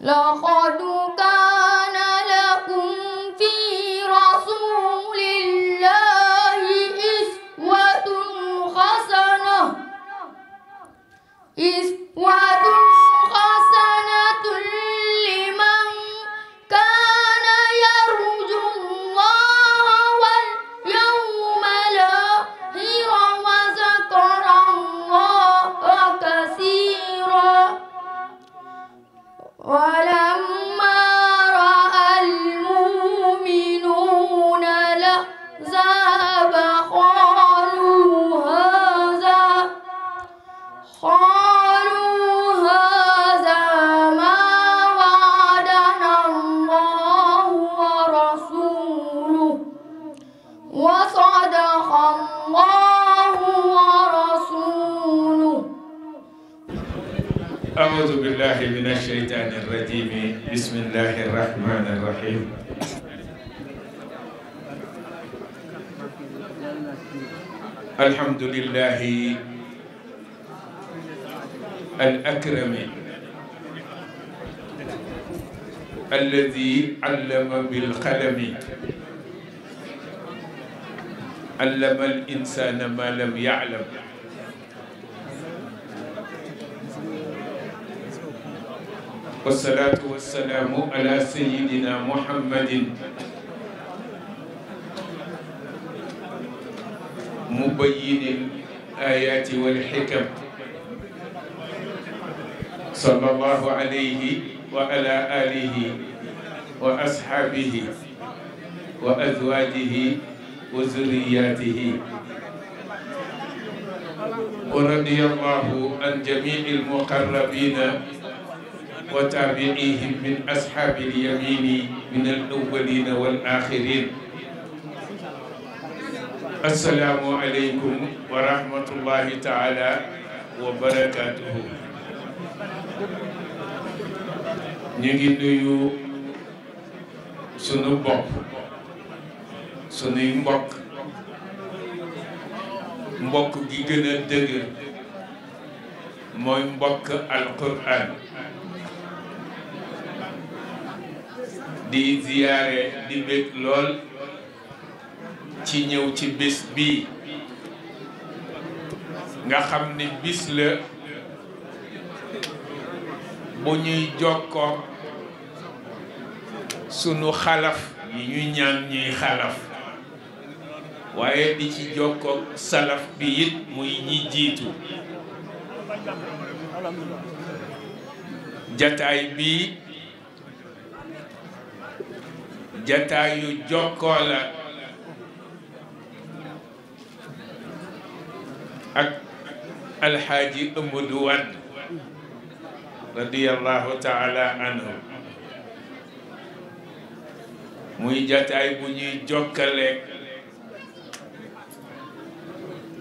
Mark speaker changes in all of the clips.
Speaker 1: لقد
Speaker 2: bismillahi irrahmani irrahim alhamdulillahi الأكرم الذي علم بالقلم علم الإنسان ما لم يعلم wasalaatu wasalaamu ala sayidina muhammadin mubayinil ayaati wal xikam sallallahu alayhi wa ala alihi wa asxaabihi wa azwaajihi wa zurriyaatihi wa radiyallahu an jamiil muqarrabina wa taabiihim min ashaabil yamini min al awwalina wal axirin assalaamu aleykum wa rahmatullahi taala wa barakaatuhu ñu ngi nuyu sunu bopp sunuy mbokk mbokk gi gën a dëgër mooy mbokk alquran di ziyaare di bég lool ci ñëw ci bis bi nga xam ni bis la bu ñuy jokkoo sunu xalaf yi ñuy ñaan ñuy xalaf waaye di ci jokkoo salaf bi it muy ñi jiitu jataay bii jataayu jokkoo la ak alxaaji Amadou Wade radiyallahu taala anhu muy jataay bu ñuy jokkaleek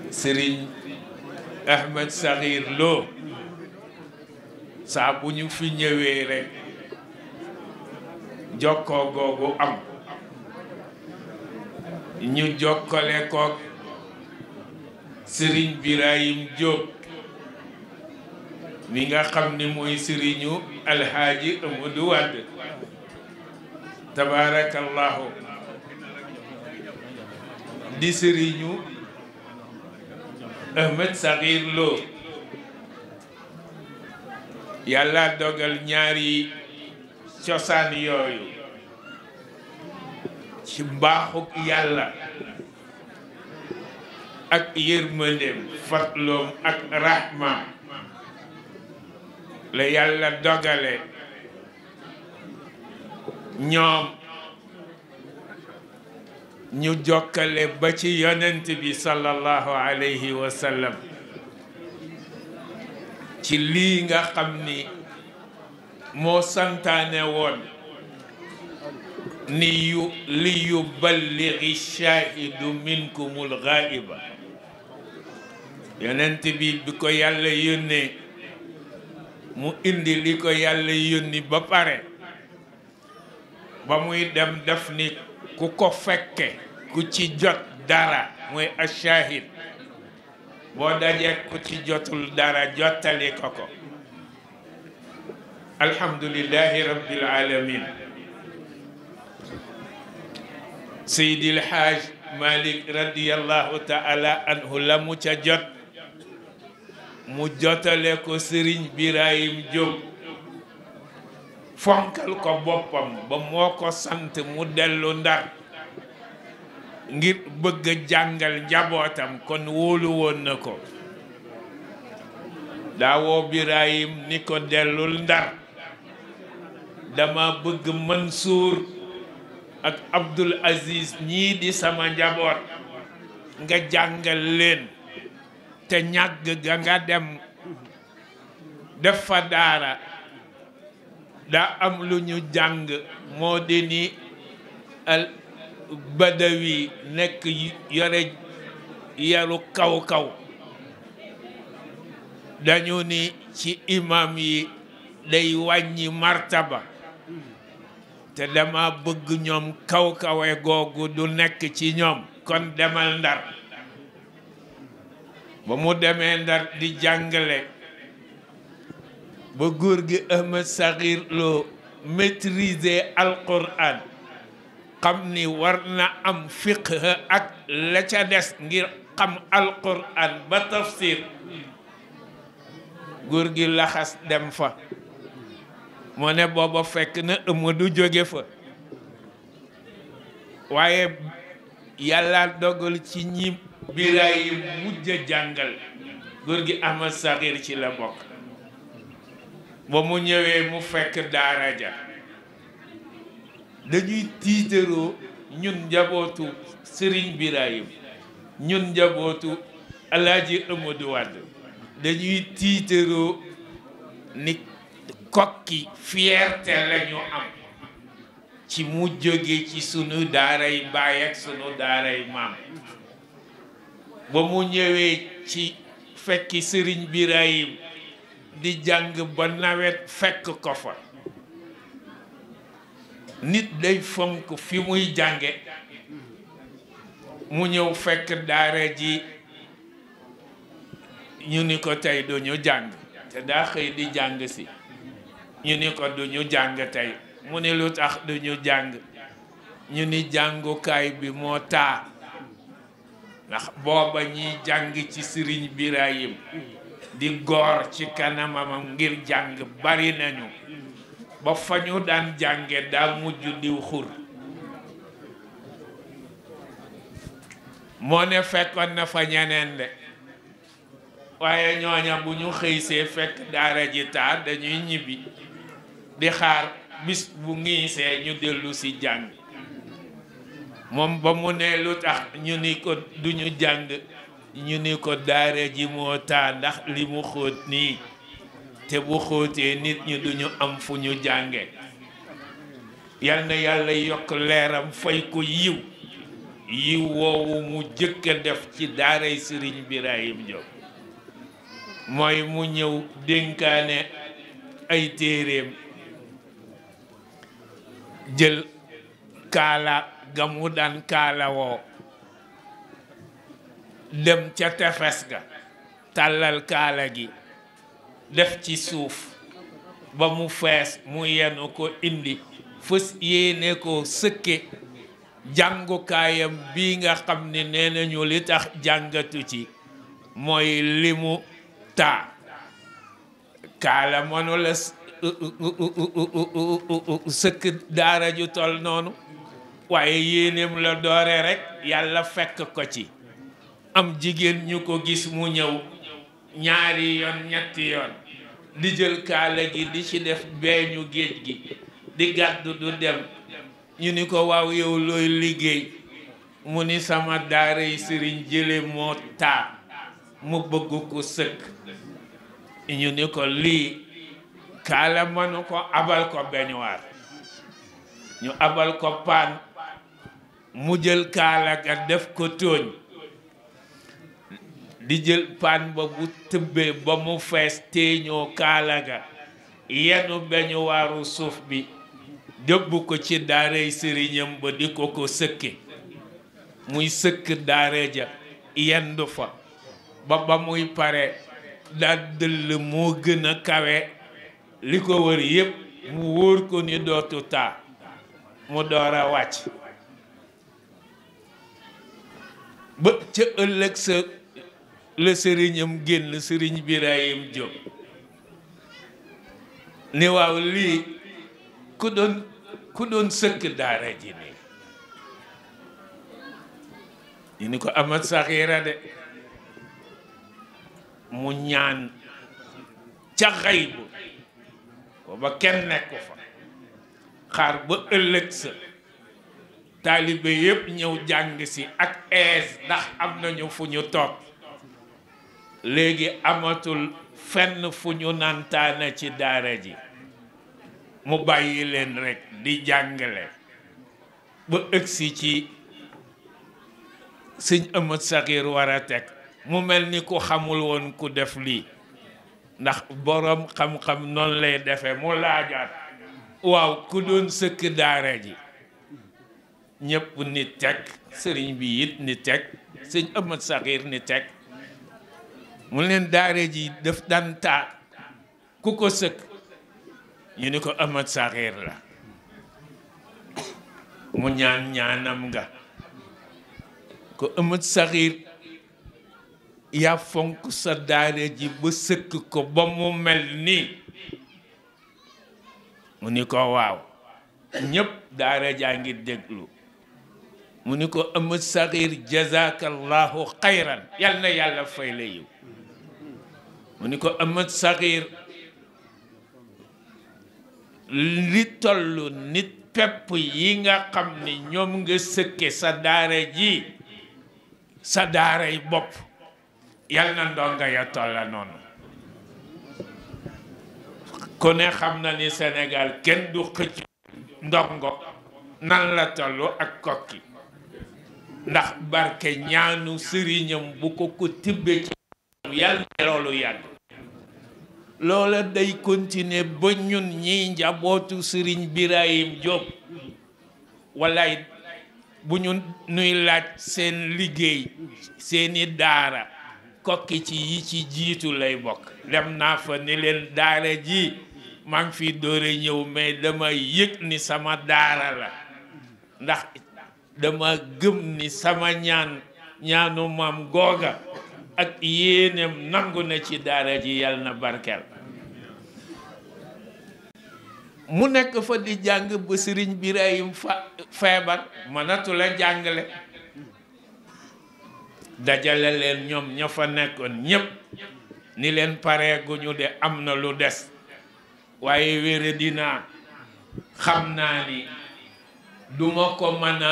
Speaker 2: Serigne Ahmed Sakhir Lo saa bu ñu fi ñëwee jokkoo googu am ñu jokkale koog Serigne Birahim Diop mi nga xam ni mooy sëriñu alxaaji Amadou Wade tabarakallahu di sëriñu Ahmed Sakhir Lo yàlla dogal ñaari cosaan yooyu ci mbaaxuk yàlla ak yërmandeem fatloom ak rahma la yàlla dogale ñoom ñu jokkale ba ci yonent bi sallallahu alayhi wa ci lii nga xam ni moo santaane woon ni yu li yuballighi minkumul ghaiba yonent bi bi ko yàlla yónnee mu indi li ko yàlla yónni ba pare ba muy dem def ni ku ko fekke ku ci jot dara mooy ashaahid boo dajee ku ci jotul dara jottali ko alhamdulillahi rabbil alamin seydi alxaaj malik radiyallahu taala anhu la ca jot mu jotale ko sëriñ birahim jóg fonkal ko boppam ba moo ko sant mu dellu ndar ngir bëgga jàngal njabootam kon wóolu woon ko daawoo Birahim ni ko dellul ndar dama bëgg Mansour ak Abdul Aziz ñii di sama njaboot nga jàngal leen te ñàgg ga nga dem def fa daara daa am lu ñu jàng moo di ni al badawi nekk yore yaru kaw kaw dañu ni ci imam yi day wàññi martaba te dama bëgg ñoom kaw kawe googu du nekk ci ñoom kon demal ndar ba mu demee ndar di jàngale ba góor gi Ahmed Sakhir Lo maîtriser alquran xam ni war na am fiq ak la ca des ngir xam alquran ba tafsir góor gi laxas dem fa moo ne booba fekk na ëmm du jóge fa waaye yàlla dogal ci ñi bilaay yi mujj a jàngal góor gi Ahmad Saxiir ci la bokk ba mu ñëwee mu fekk daara ja dañuy tiitaroo ñun njabootu Sëriñ Birahim ñun njabootu Alaaji Amadou Wade dañuy tiitaroo ni kokki fierté lañu am ci mu jóge ci sunu daara baay ak sunu daaray maam ba mu ñëwee ci fekki sëriñ Birahim di jàng ba nawet fekk ko fa nit day fonk fi muy jànge mu ñëw fekk daara ji ñu ni ko tey duñu jàng te daa xëy di jàng si ñu ni ko du ñu jàng tey mu ni lu tax du jàng ñu ni jàngukaay bi moo taa ndax booba ñiy jàng ci sëriñ Birahim di goor ci kanamam ngir jàng bari nañu ba fa ñu daan jànge daa mujj diw xur moo ne fekkoon na fa ñeneen de waaye ñooña bu ñu xëysee fekk daara ji taa dañuy ñibbi di xaar bis bu ngiisee ñu dellusi jàng moom ba mu ne lu tax ñu ni ko duñu jàng ñu ni ko daara ji moo taa ndax li mu xóot nii te bu xóotee nit ñi duñu am fu ñu jànge yal yàlla yokk leeram fay ko yiw yiw woowu mu jëkk a def ci daaray sëriñ Birahim Diop mooy mu ñëw dénkaane ay téereem jël kaala gamu daan kaala woo dem ca tefes ga tàllal kaala gi def ci suuf ba mu fees mu yenu ko indi fës yéene ko sëkke jàngukaayam bi nga xam ne nee nañu li tax jàngatu ci mooy limu taa kaala mënu la sëkk daara ju tol noonu waaye yéeneem la doore rekk yàlla fekk ko ci am jigéen ñu ko gis mu ñëw ñaari yoon ñetti yoon di jël kaala gi di ci def beeñu géej gi di gàddu du dem ñu ni ko waaw yow looy liggéey mu ni sama daara yi sëriñ jële moo taa mu bëgg ko sëkk ñu ni ko lii kaala mënu ko abal ko beñuwaar ñu abal ko paan mu jël kaala ga def ko tooñ di jël paan ba bu tëbbee ba mu fees teeñoo kaala ga yenu beñuwaaru suuf bi dëbb ko ci daarey sëriñam ba di ko ko sëkke muy sëkk daare ja yendu fa ba ba muy pare daa dëll moo gëna kawe li ko wër yépp mu wóor ko ni dootu taa mu door a wàcc ba ca ëllëg sa la sëriñam génn sëriñ Birahim Jóob ni waaw lii ku doon ku doon sëkk daara ji nii ñu ni ko amat saxiira de mu ñaan ca xaybu booba kenn nekk fa xaar ba ëllëg sa taalibe yépp ñëw jàng si ak aise ndax am nañu fu ñu toog léegi amatul fenn fu ñu nantaana ci daara ji mu bàyyi leen rekk di jàngale ba ëgsi ci sëñ Amat Saxiir war a teg mu mel ni ku xamul woon ku def lii ndax borom xam-xam noonu lay defe mu laajaat waaw ku doon sëkk daara ji ñëpp ni teg sëriñ bi it ni teg sëñ Ahmad Saxiir ni teg mu leen daara ji daf daan taa ku ko sëkk ñu ni ko Ahmad Saxiir la mu ñaan ñaanam nga ko Ahmad Saxiir yaa fonk sa daara ji ba sëkk ko ba mu mel nii mu ni ko waaw ñépp daara jaa ngir déglu mu ni ko ëmm saxiir jazakallahu xayran yal na yàlla fay la yiw mu ni ko ëmm saxiir li toll nit pepp yi nga xam ni ñoom nga sëkke sa daara ji sa daaray bopp yal na ndonga ya tolla noonu ku ne xam na ni Sénégal kenn du xëcc ndongo nan la tollu ak kokki ndax barke ñaanu sëriñam bu ko ko tibbee ci yàlla loolu yàgg loola day continuer ba ñun ñiy njabootu sëriñ Birahim Diop wallaay bu ñu nuy laaj seen liggéey seeni daara kokki ci yi ci jiitu lay bokk dem naa fa ni leen daara ji maa ngi fi dóore ñëw mais dama yëg ni sama daara la ndax dama gëm ni sama ñaanu maam googa ak yéeneem nangu na ci daara ji yal na barkeel mu nekk fa di jàng ba sëriñ Birahim fa feebar mënatu la jàngale dajale leen ñoom ña fa nekkoon ñépp ni leen paree guñu de am na lu des waaye wére dinaa xam naa ni duma ko mën a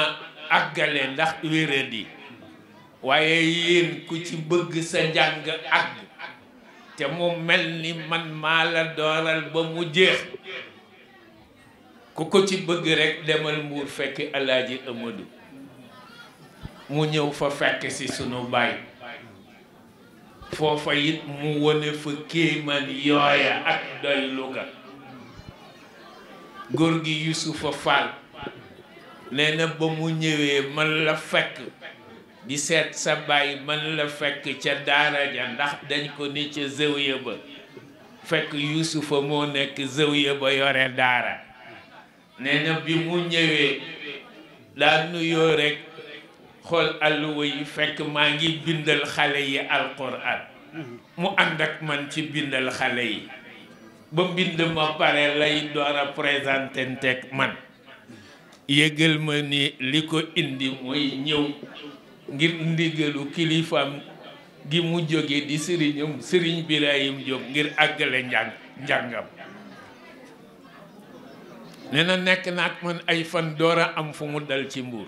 Speaker 2: àggale ndax wére di waaye yéen ku ci bëgg sa njàng àgg te mu mel ni man maa la dooral ba mu jeex ku ko ci bëgg rekk demal Mbuur fekk Alaaji Amadou mu ñëw fa fekk ci sunu baay foofa it mu wone fa kéemaan yooya ak doy lu góor gi Yusufa Fall nee ba mu ñëwee man la fekk di seet sa baay man la fekk ca daara ja ndax dañ ko ni ca zëwya ba fekk Yusufa moo nekk zëwya ba yore daara nee bi mu ñëwee daa nuyoo rekk xool àlluwa yi fekk maa ngi bindal xale yi alquran mu ànd ak man ci bindal xale yi ba mbind ma pare lay door a présenté man yëgal ma ni li ko indi mooy ñëw ngir ndigalu kilifaam gi mu jóge di sëriñam sëriñ Birahim Diop ngir àggale njàng njàngam nee na nekk na ak man ay fan doora a am fu mu dal ci mbuur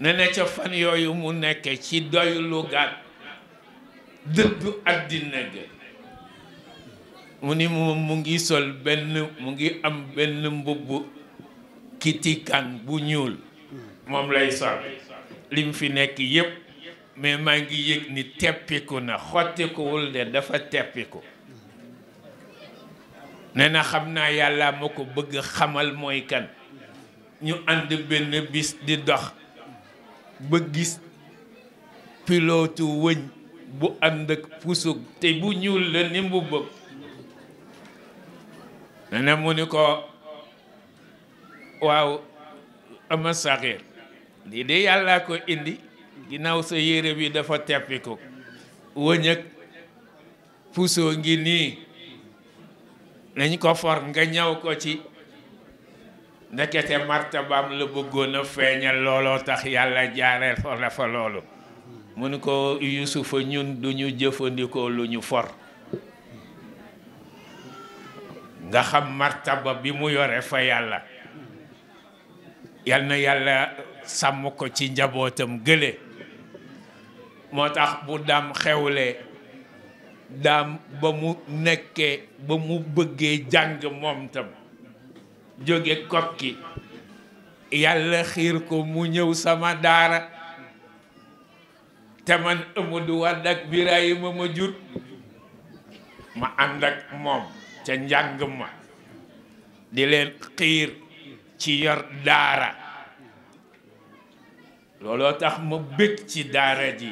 Speaker 2: ne ne ca fan yooyu mu nekk ci doylu gaat dëddu àddina ga mu ni moom mu ngi sol benn mu ngi am benn mbubb kitikaan bu ñuul moom lay sol lim fi nekk yépp mais maa ngi yëg ni teppiku na xottikuwul de dafa teppiku nee na xam naa yàlla ma ko bëgg xamal mooy kan ñu ànd benn bis di dox ba gis pilote wëñ bu ànd ak pusug te bu ñuul la ni mbubbam ne ne mu ni ko waaw ama saxir lii de yàllaa ko indi ginnaaw sa yére bi dafa teppiku wëñ ak pusoo ngi nii dañ ko for nga ñaw ko ci ndekete martabaam la bëggoon a feeñal looloo tax yàlla jaareel fa la loolu mu ni ko yusufa ñun duñu jëfandikoo lu ñu for nga xam martaba bi mu yore fa yàlla yal na yàlla sàmm ko ci njabootam gële moo tax bu daam xewle daam ba mu nekkee ba mu bëggee jàng moom tam jóge kokki yàlla xiir ko mu ñëw sama daara te man Amadou Wade ak Birahima ma jur ma ànd ak moom ca njàng ma di leen xiir ci yor daara looloo tax ma bég ci daara ji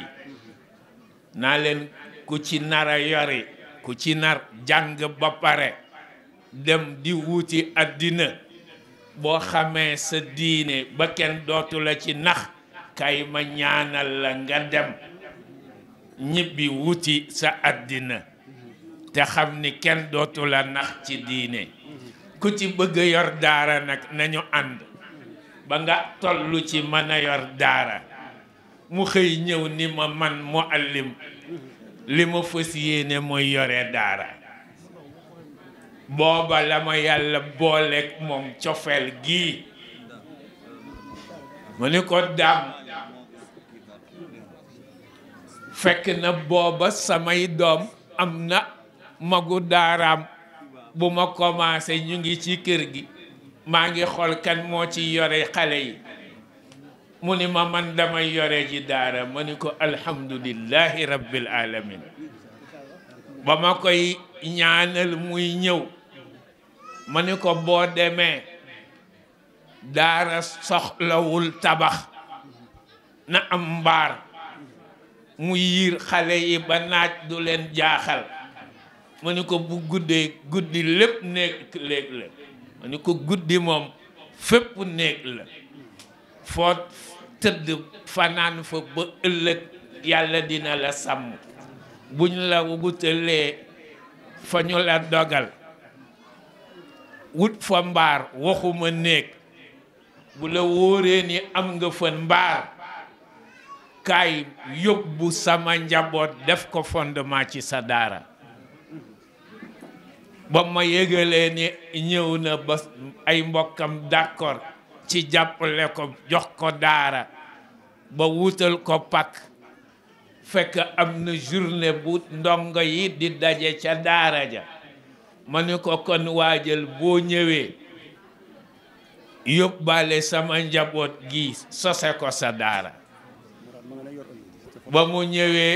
Speaker 2: naa leen ku ci nara yori ku ci nar jàng ba pare dem di wuuti àddina boo xamee sa diine ba kenn dootula ci nax kay ma ñaanal la nga dem ñibbi wuti sa àddina te xam ni kenn dootula la nax ci diine ku ci bëgg yor daara nag nañu ànd ba nga tollu ci mën a yor daara mu xëy ñëw ni ma man mu allim li ma fas yéene mooy yore daara booba la ma yàlla booleeg moom cofeel gii mu ni ko daam fekk na booba samay doom am na magu daaraam bu ma commencé ñu ngi ci kër gi maa ngi xool kan moo ci yore xale yi mu ni ma man damay yore ji daara ma ni ko alhamdulillahi rabbil alamin ba ma koy ñaanal muy ñëw ma ni ko boo demee daara soxlawul tabax na am mbaar mu yiir xale yi ba naaj du leen jaaxal ma ni ko bu guddee guddi lépp néeg léeg la ma ni ko guddi moom fépp néeg la foo tëdd fanaan fa ba ëllëg yàlla dina la sàmm buñ la wutalee fa ñu la dogal wut fa mbaar waxuma néeg bu la wóoree ni am nga fa mbaar kaay yóbbu sama njaboot def ko fondement ci sa daara ba ma yëgalee ni ñëw na ba ay mbokkam d'accord ci jàppale ko jox ko daara ba wutal ko pakk fekk am na journée bu ndongo yi di daje ca daara ja ma ne ko kon waa waajal boo ñëwee yóbbaale sama njaboot gi sose ko sa daara ba mu ñëwee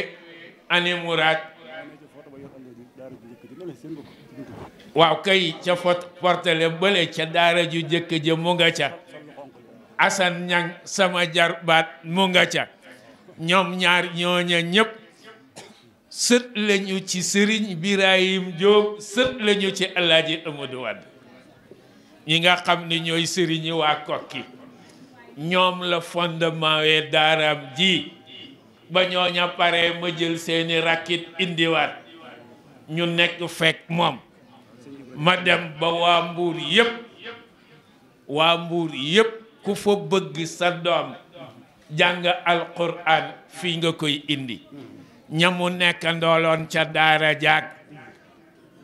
Speaker 2: ani muraad waaw kay ca portele bële ca daara ju jëkk ja mu nga ca asan ñang sama jarbaat mu nga ca ñoom ñaar ñooña ñëpp sët lañu ci sëriñ Birahim Diop sët lañu ci Alaaji Amadou Wade ñi nga xam ni ñooy sëriñi waa kokki ñoom la fondement wee daaram ji ba ñooña pare ma jël seeni rakkit indiwaat ñu nekk fekk moom ma dem ba waa mbuur yépp waa mbuur yépp ku fa bëgg sa doom jàng alquran fii nga koy indi ña mu nekk ca daara jaag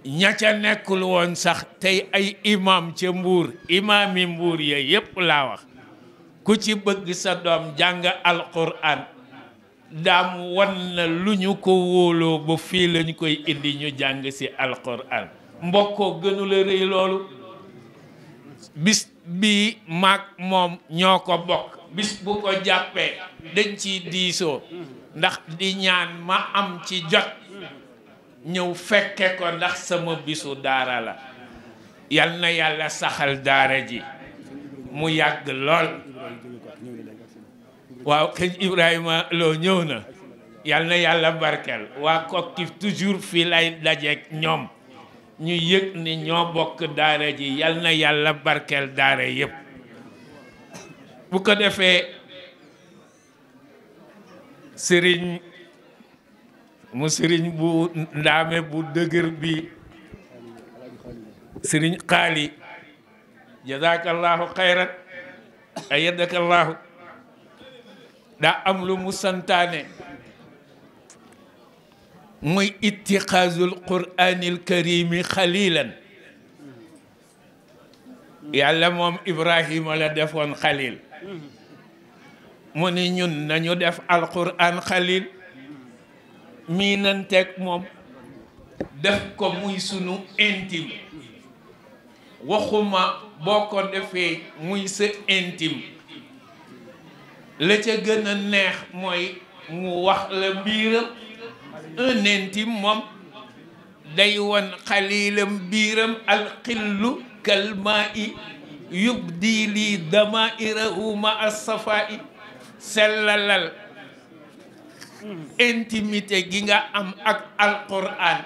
Speaker 2: ña ca nekkul woon sax tey ay imam ca mbuur imaam mbuur ya yépp laa wax ku ci bëgg sa doom jàng alquran daam wan na lu ñu ko wóoloo ba fii lañ koy indi ñu jàng ci alquran mbokkoo gënu la loolu bis bi maag moom ñoo ko bokk bis bu ko jàppee dañ ciy diisoo ndax di ñaan ma am ci jot ñëw fekke ko ndax sama bisu daara la yal na yàlla saxal daara ji mu yàgg lool waaw këñ Ibrahima loo ñëw na yal na yàlla barkeel waa Koki toujours fii lay dajeek ñoom ñu yëg ni ñoo bokk daara ji yal na yàlla barkeel daara yépp bu ko defee sëriñ mu sëriñ bu ndaame bu dëgër bi sëriñ xaali jazakallahu xayran ayyadakallahu daa am lu mu santaane muy ittixaazul quraanil karimi xalilan yàlla moom ibrahima la defoon xalil mu ni ñun nañu def alquran xalil mii nan teg moom def ko muy sunu intime waxuma boo ko defee muy sa intime la ca gën a neex mooy mu wax la biiram un intime moom day won xalilam biiram alxillu kalmaa i di lii damairahu ma assafa i sellalal intimité gi nga am ak alquran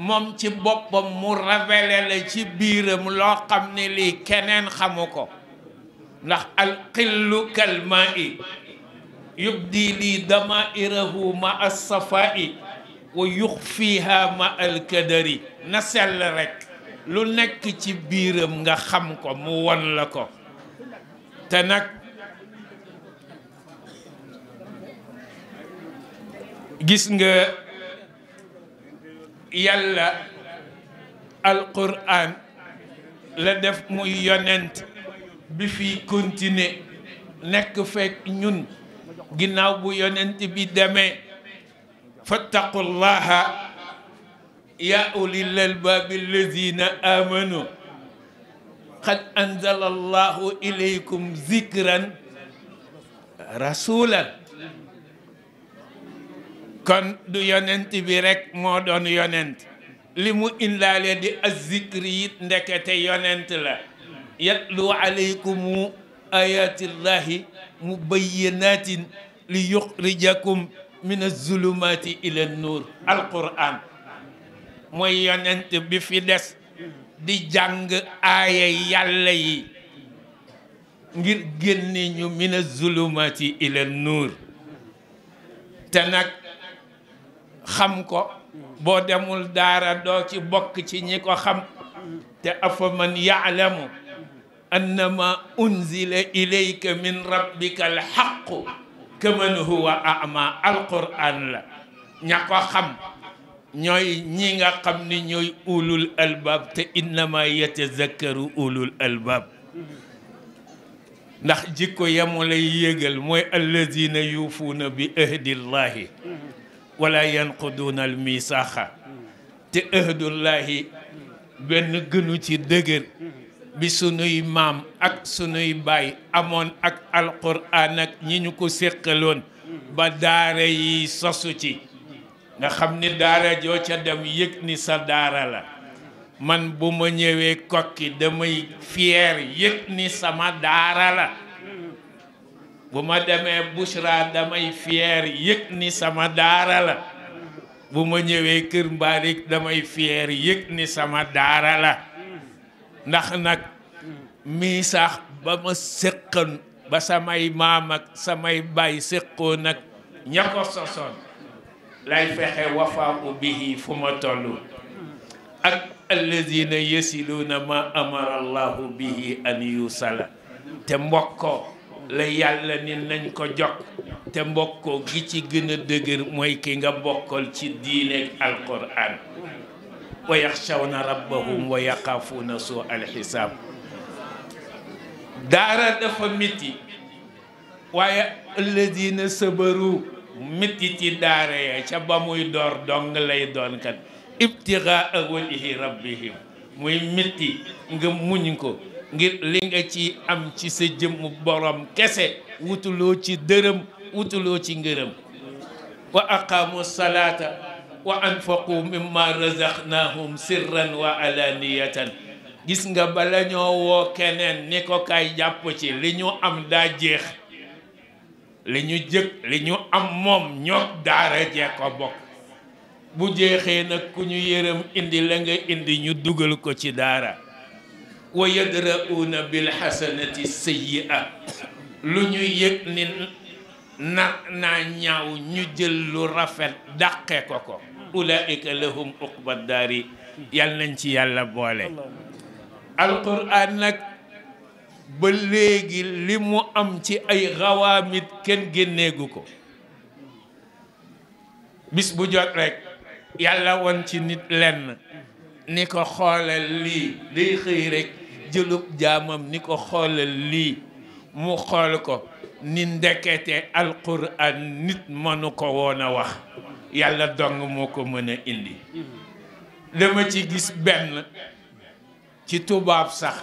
Speaker 2: moom ci boppam mu révélé la ci biiram loo xam ne li keneen xamu ko ndax alqillu kalma i yubdi lii dama irahu ma assafa i wa yuxfiha ma alkadari na sell rekk lu nekk ci biiram nga xam ko mu won la ko te nag gis nga yàlla alquran la def muy yonent bi fi continuer nekk fekk ñun ginnaaw bu yonent bi demee fattaqullaha ya ulil albaabi alladina amanu qad anzala allahu ilaykum zikran rasulan kon du yonent bi rekk moo doon yonent li mu indaale di azzikri yit ndekete yonent la yatlu alaykumu ayatillahi mubayyinatin li yuxrijakum min azulumati ila nuur alquran mooy yonent bi fi des di jàng aaya yàlla yi ngir génne ñu min azulumati ila nuur te nag xam ko boo demul daara doo ci bokk ci ñi ko xam te afa man yaalamu annama unzila ilayka min rabbika alxaqu kaman huwa ama alquran la ña ko xam ñooy ñi nga xam ni ñooy ulul albab te innama yatazakkaru ulul albab ndax jikko yamu lay yégal mooy allazina yuufuuna bi ahdillahi wala yanquduuna al misaaxa te ëhdullahi benn gënu ci dëgër bi sunuy maam ak sunuy baay amoon ak alquran ak ñi ñu ko séqaloon ba daara yi sosu ci nga xam ni daara joo ca dem yëg ni sa daara la man bu ma ñëwee kokki damay fier yëg ni sama daara la bu ma demee Bouchra damay fier yëg ni sama daara la bu ma ñëwee Kër Mbaarik damay fier yëg ni sama daara la ndax nag mii sax ba ma séqan ba samay maam ak samay baay séqoon nag ña ko sosoon lay fexe wafaaku bihi fu ma toll ak alladina yasiluuna ma amara allahu bihi an yusala te mbokkoo la yàlla ni nañ ko jox te mbokkoo gi ci gën a dëgër mooy ki nga bokkal ci diineeg alquran wa yaxshawna rabbahum wa yaxaafuuna suu alxisaab daara dafa miti waaye alladina sabaru miti ci daara ya ca ba muy door dong lay doon kat ibtigaa wajhi rabbihim muy miti nga muñ ko ngir li nga ci am ci sa jëmmu borom kese wutuloo ci dërëm wutuloo ci ngërëm wa aqaamu salaata wa anfaqu mimma razaqnahum sirran wa alaniyatan gis nga bala ñoo woo keneen ni ko kay jàpp ci li ñu am daa jeex li ñu jëkk li ñu am moom ñoo daara jee ko bokk bu jeexee nag ku ñu yërëm indi la nga indi ñu dugal ko ci daara wa yadra'uuna bilxasanati sayyi'a lu ñu yëg ni nar naa ñaaw ñu jël lu rafet dàqe ko ko ulaika lahum uqba daari yal nañ ci yàlla boole alquran nag ba léegi li mu am ci ay xawaamit kenn génneegu ko bis bu jot rek yàlla won ci nit lenn ni ko xoolal lii day xëy rek jëlub jaamam ni ko xoolal lii mu xool ko ni ndekete alquran nit mënu ko woona wax yàlla dong moo ko mën indi dama ci gis benn ci tubaab sax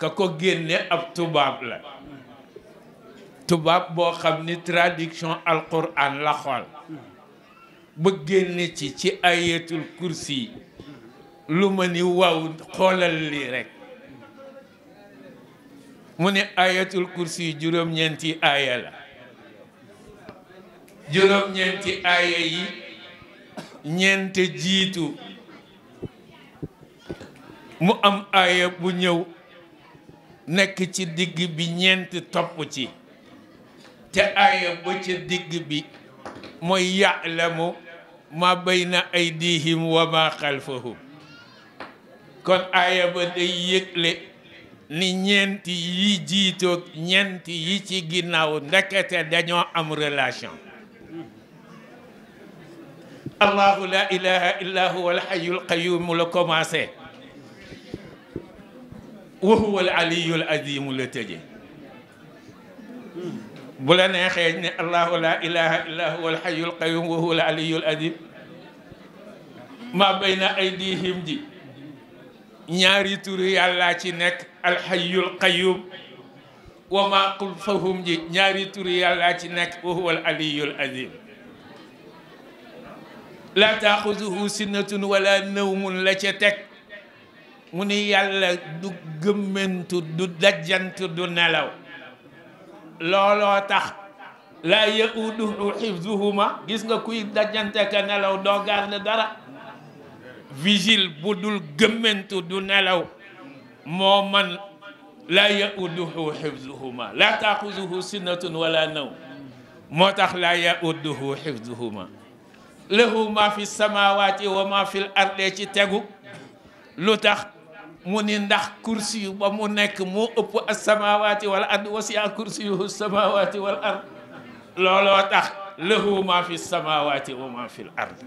Speaker 2: ka ko génne ab tubaab la tubaab boo xam ni traduction alquran la xool ba génne ci ci ayatul kursi lu ma ni waaw xoolal lii rekk mu ne ayatul kursi juróom-ñeenti aaya la juróom-ñeenti aaya yi ñeent jiitu mu am aaya bu ñëw nekk ci digg bi ñeent topp ci te aaya ba ca digg bi mooy ya'lamu ma bayna aydihim wa ma xalfahum kon aaya ba day yëgle ni ñeenti yi jiitoog ñeenti yi ci ginnaaw ndekete dañoo am relation allahu la ilaha illa huwa alxayu alqayumu la commencé wa huwa alaliyu alazimu la tëje bu la neexee ne allahu la ilaha illa huwa alxayu alqayum wa huwa alaliyu alazim ma bayna aydihim ji ñaari turu yàlla ci nekk alxayul qayyum wa maa qul fahum ji ñaari turi yàllaa ci nekk wa huwa al aliyul azim laa taaxuduhu sinnatun wala nawmun la ca teg mu ni yàlla du gëmmentu du dajjant du nelaw looloo tax laa yauduhu xifduhuma gis nga kuy dajjante ka nelaw doo garde dara vigile bu dul gëmmentu du nelaw moo man laa yauduhu xifduhuma laa taaxuzuhu sinnatun wala naw moo tax laa yauduhu xifduhuma lahu ma fi samawaati wa ma fi l arde ci tegu lu tax mu ni ndax kursi yu ba mu nekk moo ëpp asamawaati wal ard wasia kursiyuhu samawaati wal ard looloo tax lahu ma fi samawaati wa ma fi l ard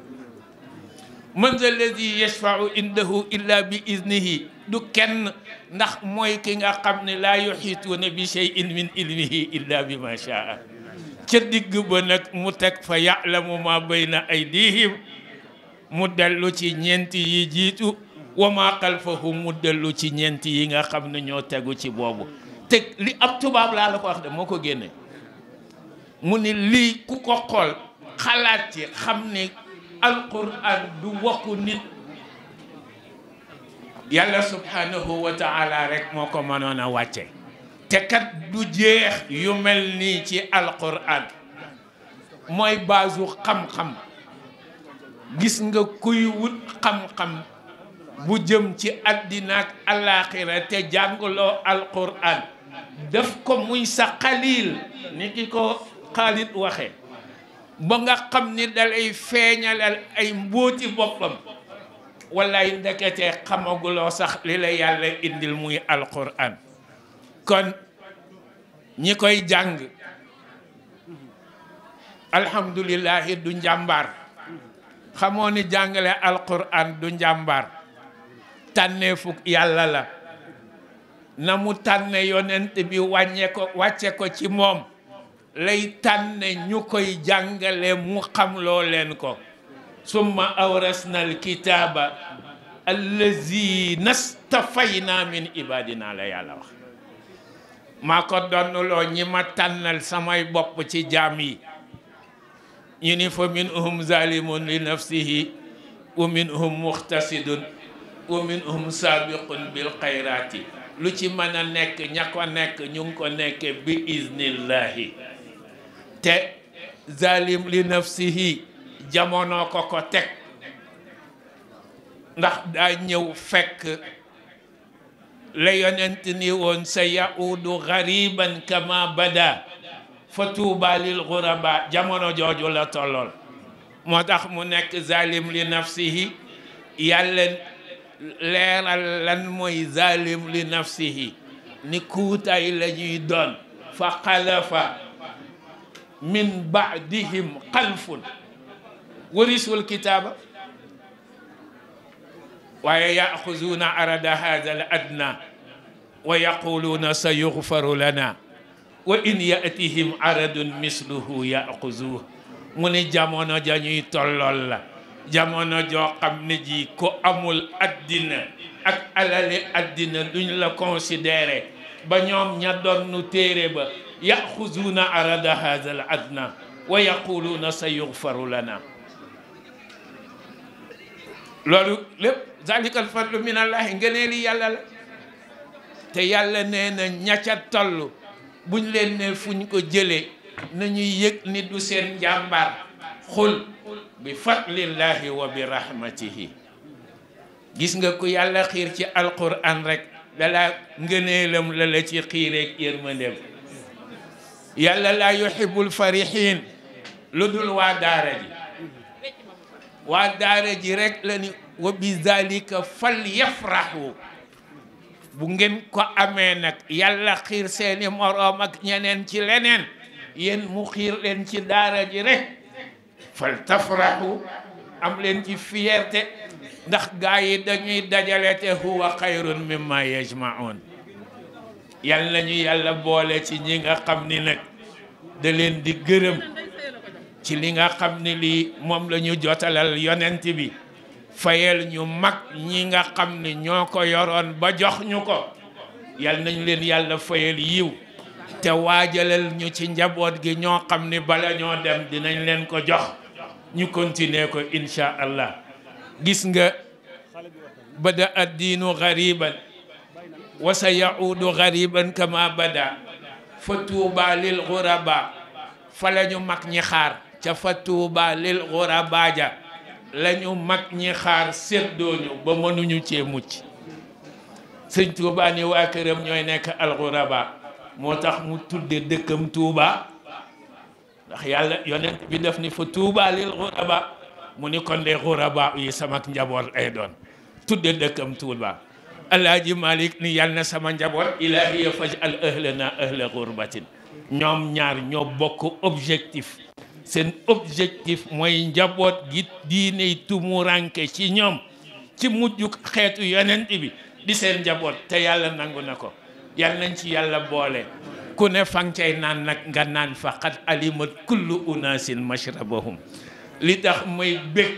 Speaker 2: man za alladi yashfau indahu illa bi iznihi du kenn ndax mooy ki nga xam ne laa yuxiituuna bi shay'in min ilmihi illa bi ma shaa ca digg ba nag mu teg fa ya'lamu ma bayna aydihim mu dellu ci ñeenti yi jiitu wa ma xalfahum mu dellu ci ñeenti yi nga xam ne ñoo tegu ci boobu teg li ab tubaab laa la ko wax de moo ko génne mu ni lii ku ko xool xalaat yi xam ne alquran du waxu nit yàlla subhanahu wa rek moo ko mënoon wàcce te kat du jeex yu mel nii ci alquran mooy baasu xam-xam gis nga kuy wut xam-xam bu jëm ci àddina ak alaaxira te jàngaloo alquran def ko muy sa xaliil ni ki ko xaalit waxe ba nga xam ni dalay feeñalal ay mbóoti boppam wallaay ndeketee xamaguloo sax li la yàlla indil muy alquran kon ñi koy jàng alhamdulilahi du njàmbaar xamoo ni jàngale alquran du njàmbaar tànneefu yàlla la na mu tànne yonent bi wàññe ko wàcce ko ci moom lay tànne ñu koy jàngale mu xam loo leen ko summa awrasna alkitaba allazi nastafayna min ibadina la yàlla wax maa ko donnuloo ñi ma tànnal samay bopp ci jaam yi ñu ni fa minhum zalimun li nafsihi wa minhum muxtasidun wa minhum sabiqun bil xayraati lu ci mën a nekk ña ko nekk ñu ngi ko nekke bi iznillahi te zalim li nafsihi jamono ko ko teg ndax daa ñëw fekk la yonent ni woon sa yaudu gariban kama bada fa tuuba lil guraba jamono jooju la tollool moo tax mu nekk zalim li nafsihi yàlla leeral lan mooy zalim li nafsihi ni kuutaay la ñuy fa xalafa min baadihim xalfun warisul kitaaba waaye yaaxuzuuna arada hada al adna wa yaquluuna sa yuxfaru lana wa in yatihim aradun misluhu yaaxuzuuh mu ni jamono ja ñuy tollool la jamono joo xam ne ji ku amul addina ak alali addina duñ la considéré ba ñoom ña doonnu téere ba yaaxuzuuna arada hada al adna wa yaquluuna sa yuxfaru lana loolu lépp zalikal fadlu minallahi ngëneeli yàlla la te yàlla nee na ñaca toll buñ leen ne fuñ ko jëlee nañuy yëg ni du seen njàmbaar xul bi fadlillahi wa bi rahmatihi gis nga ku yàlla xiir ci alquran rek dalaa ngëneelam la la ci xiireeg yërmandeem yàlla laa yuhibbul farihin lu dul waa daara ji waa daara ji rek la ni wa bi zalika fal yafrahu bu ngeen ko amee nag yàlla xiir seeni moroom ñeneen ci leneen yéen mu xiir leen ci daara ji rek fal tafrahu am leen ci fierté ndax gaa yi dañuy dajale te huwa xayrun mimma yajmaun yàlla ñu yàlla boole ci ñi nga xam ni nag da leen di gërëm ci li nga xam ne lii moom lañu ñu jotalal yonent bi fayel ñu mag ñi nga xam ne ñoo ko yoroon ba jox ñu ko yal nañ leen yàlla fayal yiw te waajalal ñu ci njaboot gi ñoo xam ne bala ñoo dem dinañ leen ko jox ñu continuer ko incha allah gis nga bada addiinu gariban wa sa yaudu kama bada fa tuuba lil guraba fa la mag ñi xaar ca fa tuuba lil ja lañu mag ñi xaar séddooñu ba mënuñu cee mucc sëñ tuuba ni waa këram ñooy nekk alxuraba moo tax mu tudde dëkkam tuuba ndax yàlla yonent bi def ni fa tuuba lil xuraba mu ni kon de xuraba yi sama njaboot ay doon tudde dëkkam tuuba alaaji malik ni yàlla sama njaboot ilaahiya faj al ahlana ahla xurbatin ñoom ñaar ñoo bokk objectif seen objectif mooy njaboot gi diiney tumuranke ci ñoom ci mujjuk xeetu yonent bi di seen njaboot te yàlla nangu na ko yàlla nañ ci yàlla boole ku ne fan cay naan nag nga naan fa xat alimat kullu unaasin mashrabahum li tax may bég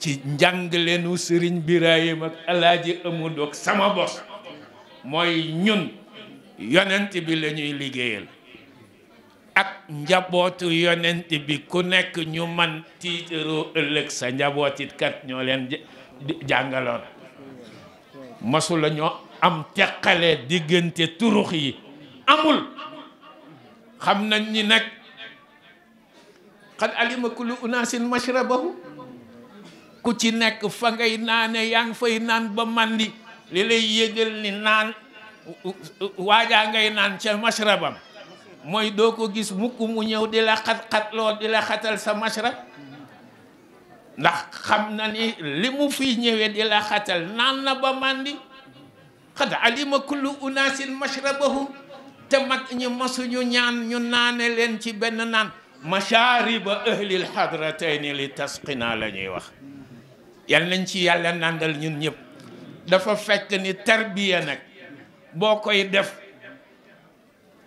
Speaker 2: ci njàngaleenu sëriñ Birahim ak alaaji Amadou ak sama bos mooy ñun yonent bi la ñuy liggéeyal njabootu yonent bi ku nekk ñu man tiitaroo ëllëg sa njabootit kat ñoo leen jàngaloon masula la ñoo am teqale diggante turux yi amul xam nañ ñi nag xad alima kullu unaasin mashrabahu ku ci nekk fa ngay naane yaa ngi fay naan ba mandi li lay yëgal ni naan waajaa ngay naan ca mashrabam mooy doo ko gis mukk mu ñëw di la xat-xat di la xatal sa mashra ndax xam na ni li mu fi ñëwee di la xatal naan na ba màndi xad alima kullu unaasin mashrabahum te mag ñi masuñu ñaan ñu naane leen ci benn naan mashaariba ahlil hadratayni li tasqina la ñuy wax yal nañ ci yàlla nandal ñun ñëpp dafa fekk ni tarbiya nag boo koy def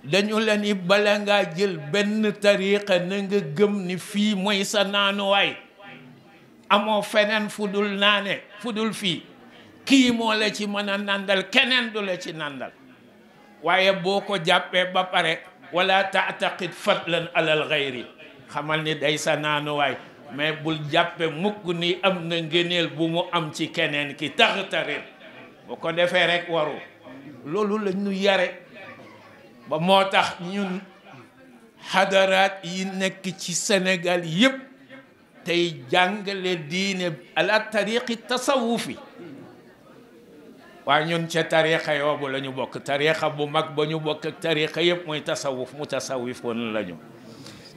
Speaker 2: dañu la ni bala ngaa jël benn tariqa na nga gëm ni fii mooy sa naanuwaay amoo feneen fu dul naane fu dul fii kii moo la ci mën a nandal keneen du la ci nandal waaye boo ko jàppee ba pare wala taataqid fadlan alal xayri xamal ni day sa naanuwaay mais bul jàppe mukk ni am na ngëneel bu mu am ci keneen ki tax tarit bu ko defee rek waru loolu lañ ñu yare ba moo tax ñun xadaraat yi nekk ci senegal yépp tey jàngale diine ala tariqi tasawufi waaye ñun ca tariqa yoobu la ñu bokk tariqa bu mag ba ñu bokk ak tariqa yëpp mooy tasawuf mu tasawif woon la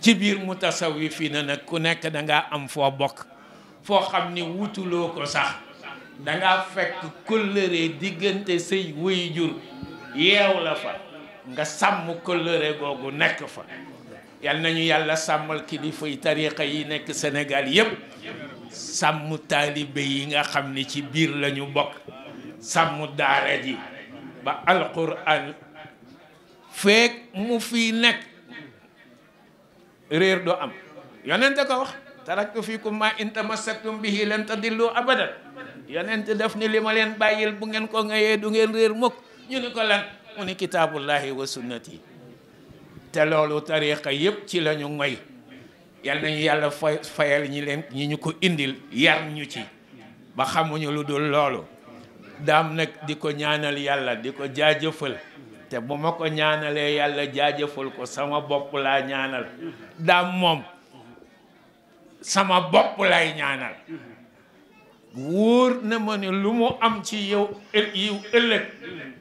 Speaker 2: ci biir mu tasawif yi na nag ku nekk danga ngaa am foo bokk foo xam ni wutuloo ko sax danga fekk kóllëre diggante say wéy jur yeew la fa nga sàmm kóllëre googu nekk fa yal nañu yàlla sàmmal kilifa yi tariqa yi nekk senegal yépp sàmm taalibe yi nga xam ni ci biir lañu bokk sàmm daara ji ba alquran feek mu fii nekk réer du am yonent ko wax taraktu fiikum ma in tamassaktum bihi lan tadillu abadan yonent daf ni li leen bàyyil bu ngeen ko ngayee du ngeen réer mukk ñu ni ko lan mu ni kitaabullahi wa sunnati te loolu tariqa yépp ci lañu ngoy yal yàlla fay ñi leen ñi ñu ko indil yar ñu ci ba xamuñu lu dul loolu daam nag di ko ñaanal yàlla di ko jaajëfal te bu ma ko ñaanalee yàlla jaajëfal ko sama bopp laa ñaanal daam moom sama bopp lay ñaanal wóor na ma lu mu am ci yow yiw ëllëg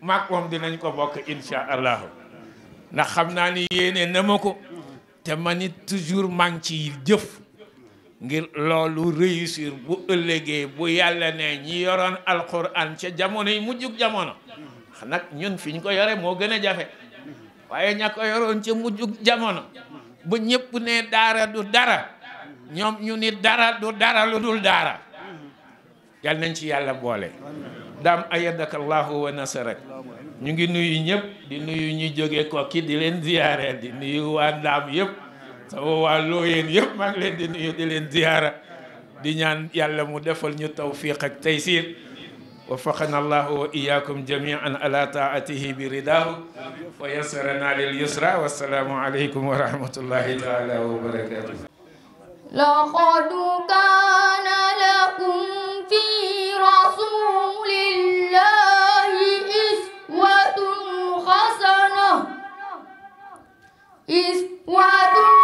Speaker 2: maag moom dinañ ko bokk insha allahu ndax xam naa ni yéene na ko te ma nit toujours maa ngi ciy jëf ngir loolu réussir bu ëllëgee bu yàlla ne ñi yoroon alquran ca jamono yi mujjug jamono nag ñun fi ñu ko yore moo gën a jafe waaye ña ko yoroon ca mujjug jamono ba ñëpp ne daara du dara ñoom ñu ni dara du dara lu dul daara yal nañ ci yàlla boole daam ayadaka allahu wa nasarak ñu ngi nuyu ñëpp di nuyu ñu jóge kokki di leen ziyaara di nuyu waa ndaam yëpp sama waa looyeen yëpp maa ngi leen di nuyu di leen ziyaara di ñaan yàlla mu defal ñu tawfiq ak taysir وفقنا الله وإياكم جميعا على طاعته برداه ويسرنا لليسرى والسلام عليكم ورحمة الله تعالى وبركاته
Speaker 1: لقد كان لكم Is what